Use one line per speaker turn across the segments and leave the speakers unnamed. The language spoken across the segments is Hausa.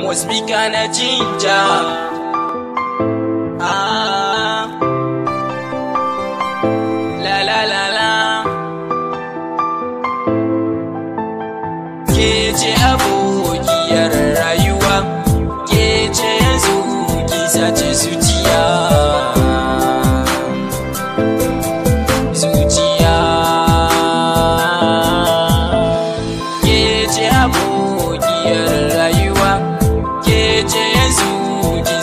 Muspika na jinja ah. La la la la abokiyar rayuwa Ke yanzu ki zuciya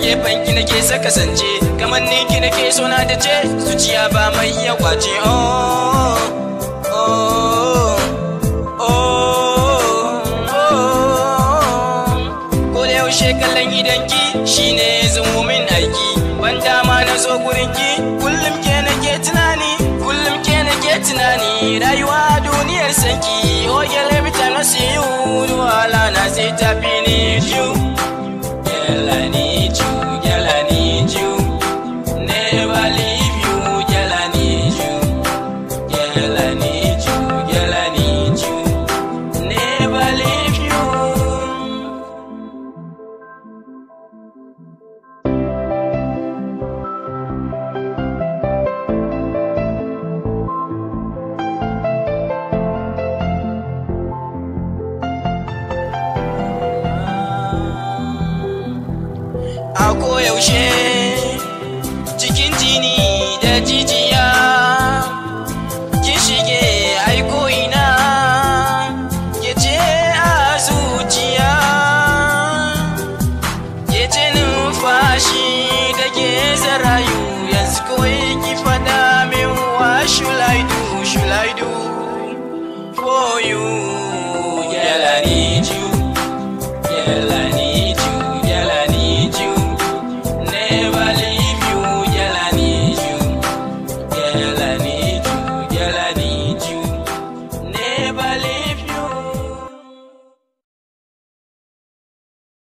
gefen ki nake saka sance kamar ni ki nake so na da ce zuciya ba mai iya kwace oh, oh oh oh ko da yaushe kallon idan ki shine zumu min aiki ban dama na zo gurin ki kullum ke tunani kullum ke nake tunani rayuwa duniyar sanki a koyaushe cikin jini da jijiya ki shige aiko ina ke ce a zuciya ke ce numfashi da ke zarayu yanzu koyi ki fada min wa shulaidu shulaidu for you yeah,